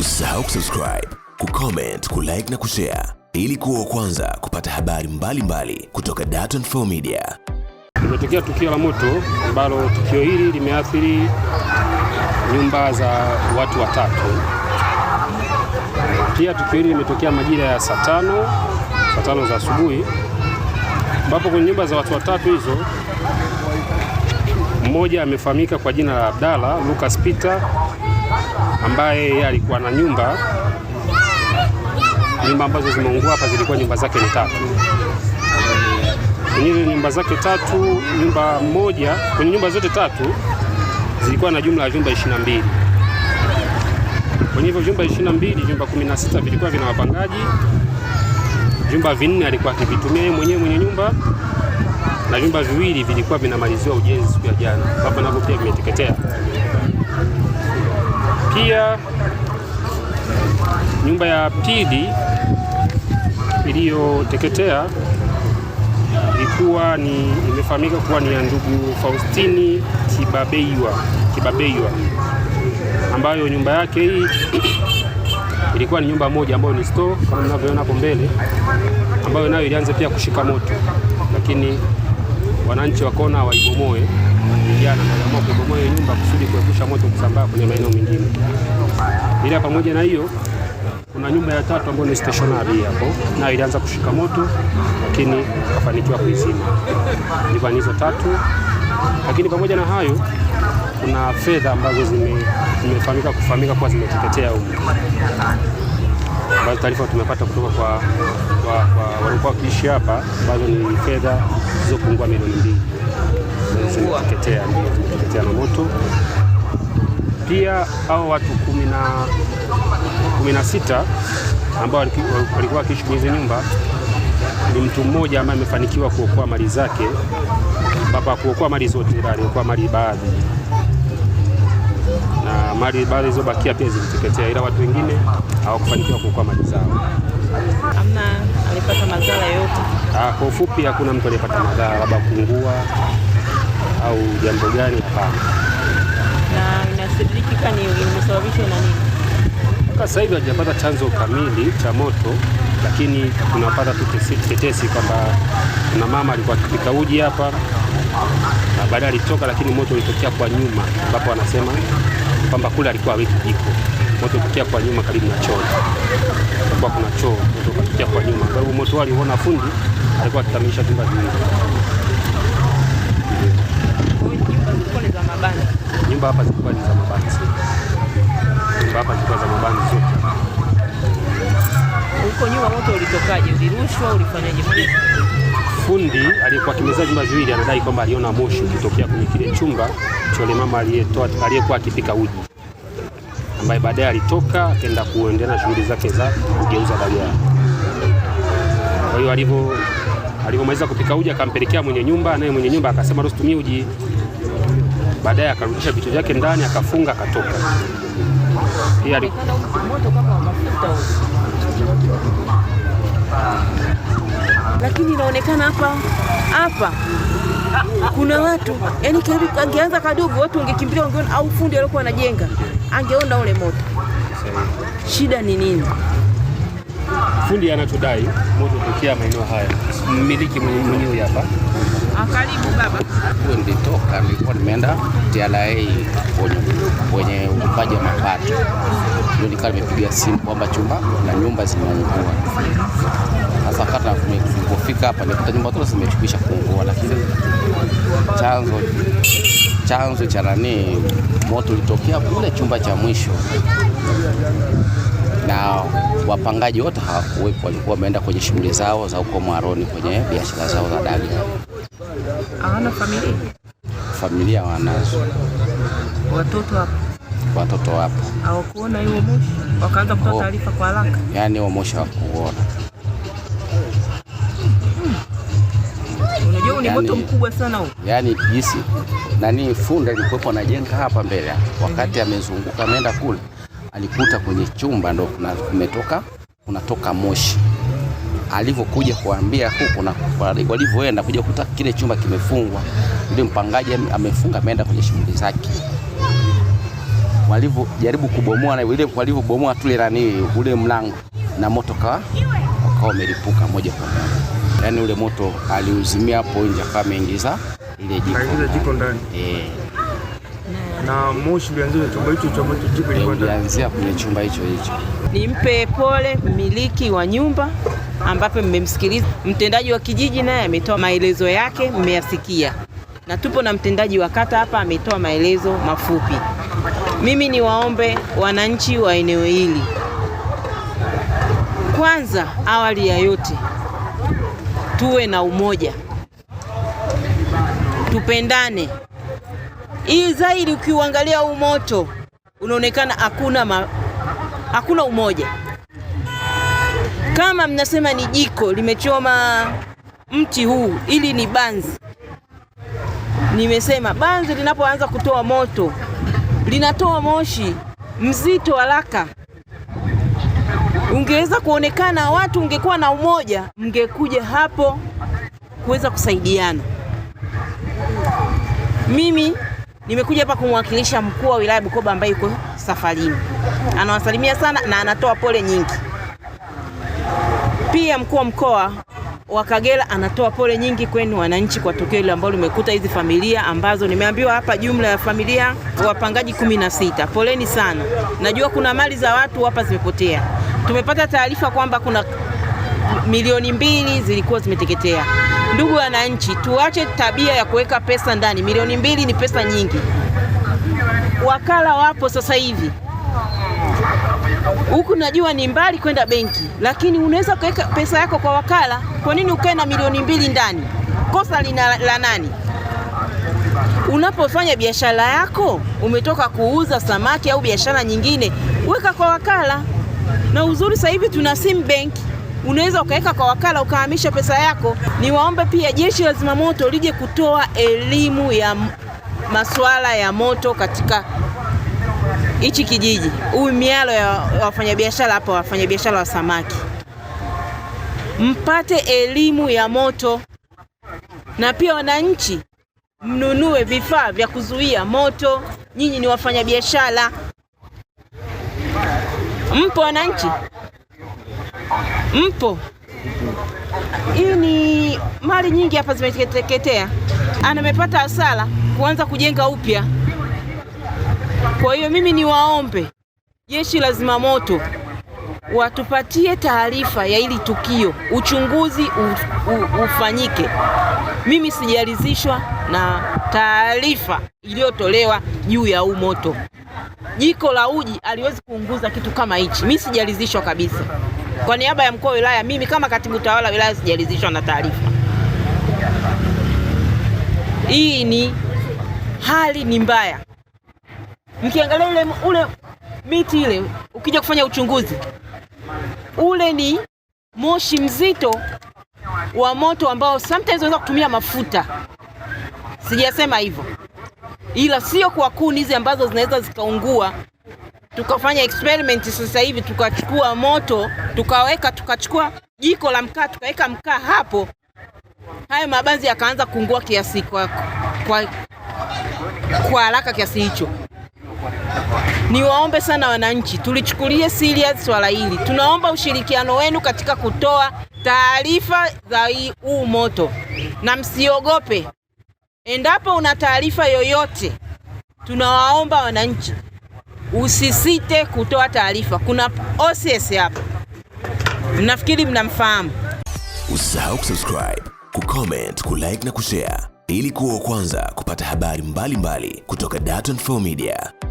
Usisahau kusubscribe, kucomment, kulike na kushare ili kuwa kwanza kupata habari mbalimbali mbali kutoka Dar24 Media. Limetokea tukio la moto ambalo tukio hili limeathiri nyumba za watu watatu. Pia tukio hili limetokea majira ya saa tano saa tano za asubuhi, ambapo kwenye nyumba za watu watatu hizo mmoja amefahamika kwa jina la Abdalla Lucas Peter ambaye alikuwa na nyumba nyumba ambazo zimeungua hapa zilikuwa nyumba zake ni tatu. Kwenye nyumba zake tatu, nyumba moja, kwenye nyumba zote tatu zilikuwa na jumla ya vyumba 22. Kwenye hivyo vyumba 22, vyumba 16 vilikuwa vina wapangaji, vyumba vinne alikuwa akivitumia yeye mwenyewe mwenye nyumba, na vyumba viwili vilikuwa vinamaliziwa ujenzi siku ya jana, hapo navyo pia vimeteketea kupitia nyumba ya pili iliyoteketea ilikuwa ni imefahamika kuwa ni ya ndugu Faustini Kibabeiwa, Kibabeiwa ambayo nyumba yake hii ilikuwa ni nyumba moja ambayo ni store kama mnavyoona hapo mbele, ambayo nayo ilianza pia kushika moto, lakini wananchi wakaona waibomoe, vijana wakaamua kuibomoe kusababisha moto kusambaa kwenye maeneo mengine. Ila pamoja na hiyo, kuna nyumba ya tatu ambayo ni stationary hapo, na ilianza kushika moto, lakini kafanikiwa kuizima. Ndivyo hizo tatu. Lakini pamoja na hayo kuna fedha ambazo zimefahamika kufahamika kuwa zimeteketea huko, ambazo taarifa tumepata kutoka kwa kwa, kwa walikuwa wakiishi hapa, ambazo ni fedha zilizopungua milioni mbili zimeteketea, ndio zimeteketea na moto. Pia hao watu kumi na sita ambao walikuwa wakiishi kwenye nyumba, ni mtu mmoja ambaye amefanikiwa kuokoa mali zake, ambapo kuokoa mali zote, ila aliokoa mali baadhi, na mali baadhi zilizobakia pia ziliteketea, ila watu wengine hawakufanikiwa kuokoa mali zao. Amna alipata madhara yote. Ah, kwa ufupi hakuna mtu aliyepata madhara, labda kuungua au jambo gani, hapana kilichobadilika ni imesababishwa na nini? Mpaka sasa hivi hajapata chanzo kamili cha moto, lakini tunapata tu tetesi kwamba kuna mama alikuwa akipika uji hapa na baadaye alitoka, lakini moto ulitokea kwa nyuma, ambapo anasema kwamba kule alikuwa aweki jiko. Moto ulitokea kwa nyuma karibu na choo, kwa kuna choo, moto ukatokea kwa nyuma. Kwa hiyo moto aliona fundi, alikuwa akitamisha vyumba viwili. nyumba hapa zilikuwa ni za mabati, nyumba hapa zilikuwa za mabati zote. Huko nyuma moto ulitokaje? Ulirushwa? Ulifanyaje? Fundi aliyekuwa akimezea vyumba viwili anadai kwamba aliona moshi ukitokea kwenye kile chumba cha chole mama aliyetoa aliyekuwa akipika uji, ambaye baadaye alitoka akaenda kuendelea na shughuli zake za kugeuza dalia. Kwa hiyo alivyomaliza kupika uji akampelekea mwenye nyumba, naye mwenye nyumba akasema usitumie uji baadaye akarudisha vitu vyake ndani akafunga akatoka. lakini inaonekana hapa hapa kuna watu yani, angeanza kadogo watu wangekimbilia wangeona au fundi aliokuwa anajenga angeona ule moto. Shida ni nini? fundi anachodai moto tokea maeneo haya, mmiliki mwenyewe hapa. Ah, karibu baba. Nilitoka, nilikuwa nimeenda TRA kwenye ulipaji wa mapato, ndio nikawa nimepiga simu kwamba chumba na nyumba zimeungua. Sasa kata nilipofika hapa nikuta nyumba zote zimekwisha kuungua, lakini chanzo chanzo cha nani moto ulitokea kule chumba cha mwisho na wapangaji wote hawakuwepo, walikuwa wameenda kwenye shughuli zao za huko Mwaroni kwenye biashara zao za dagi. Hawana familia? Familia wanazo, watoto hapo, watoto wapo. hawakuona hiyo moshi, wakaanza kutoa taarifa kwa haraka, yaani huo moshi hawakuona. Unajua ni moto yaani- mkubwa sana huo, yaani jinsi nani, funda ilikuwepo anajenga hapa mbele, wakati amezunguka ameenda kule alikuta kwenye chumba ndo kuna kumetoka kunatoka moshi. Alivyokuja kuambia huko na walivyoenda kuja kukuta kile chumba kimefungwa, ndio mpangaji amefunga, ameenda kwenye shughuli zake. Walivyojaribu kubomoa na ile walivyobomoa ile nani ule mlango na moto kawa ukawa umelipuka moja kwa moja, yaani ule moto aliuzimia hapo nje, akawa ameingiza ile jiko ndani eh na moshi ulianzia kwenye chumba hicho cha ambacho jibu ilikuwa ndani. kwenye chumba hicho hicho. Nimpe pole mmiliki wa nyumba ambapo mmemsikiliza. Mtendaji wa kijiji naye ametoa maelezo yake, mmeyasikia, na tupo na mtendaji wa kata hapa ametoa maelezo mafupi. Mimi niwaombe wananchi wa eneo hili, kwanza, awali ya yote, tuwe na umoja, tupendane. Hii zaidi ukiuangalia huu moto unaonekana hakuna ma, hakuna umoja. Kama mnasema ni jiko limechoma mti huu, ili ni banzi. Nimesema banzi linapoanza kutoa moto linatoa moshi mzito haraka. Ungeweza kuonekana watu, ungekuwa na umoja, mngekuja hapo kuweza kusaidiana. Mimi Nimekuja hapa kumwakilisha mkuu wa wilaya Bukoba ambaye yuko safarini, anawasalimia sana na anatoa pole nyingi. Pia mkuu wa mkoa wa Kagera anatoa pole nyingi kwenu wananchi kwa tukio hilo ambalo limekuta hizi familia ambazo nimeambiwa hapa, jumla ya familia wapangaji kumi na sita. Poleni sana, najua kuna mali za watu hapa zimepotea. Tumepata taarifa kwamba kuna milioni mbili zilikuwa zimeteketea. Ndugu wananchi, tuache tabia ya kuweka pesa ndani. Milioni mbili ni pesa nyingi. Wakala wapo sasa hivi huku, najua ni mbali kwenda benki, lakini unaweza kuweka pesa yako kwa wakala. Kwa nini ukae na milioni mbili ndani? Kosa lina la nani? Unapofanya biashara yako, umetoka kuuza samaki au biashara nyingine, weka kwa wakala. Na uzuri sasa hivi tuna sim benki unaweza ukaweka kwa wakala ukahamisha pesa yako. Niwaombe pia jeshi la zimamoto lije kutoa elimu ya masuala ya moto katika hichi kijiji, huyu mialo ya wafanyabiashara hapa, wafanyabiashara wa samaki, mpate elimu ya moto, na pia wananchi mnunue vifaa vya kuzuia moto. Nyinyi ni wafanyabiashara, mpo wananchi? mpo. Hii ni mali nyingi hapa zimeteketea, anamepata hasara kuanza kujenga upya. Kwa hiyo mimi niwaombe jeshi la zimamoto watupatie taarifa ya hili tukio, uchunguzi u, u, ufanyike. Mimi sijalizishwa na taarifa iliyotolewa juu ya huu moto. Jiko la uji aliwezi kuunguza kitu kama hichi, mimi sijalizishwa kabisa. Kwa niaba ya mkuu wa wilaya, mimi kama katibu tawala wilaya sijaridhishwa na taarifa hii. Ni hali ni mbaya, mkiangalia ule, ule miti ile, ukija kufanya uchunguzi ule ni moshi mzito wa moto ambao sometimes unaweza kutumia mafuta, sijasema hivyo, ila sio kwa kuni hizi ambazo zinaweza zikaungua tukafanya experiment sasa hivi, tukachukua moto tukaweka, tukachukua jiko la mkaa tukaweka mkaa hapo, hayo mabanzi yakaanza kuungua kiasi kwa, kwa, kwa haraka kiasi hicho. Niwaombe sana wananchi, tulichukulie serious swala hili. Tunaomba ushirikiano wenu katika kutoa taarifa za huu moto, na msiogope endapo una taarifa yoyote. Tunawaomba wananchi usisite kutoa taarifa. Kuna OCS hapa, mnafikiri mnamfahamu. Usisahau kusubscribe, kucomment, kulike na kushare ili kuwa wa kwanza kupata habari mbalimbali mbali kutoka Dar24 Media.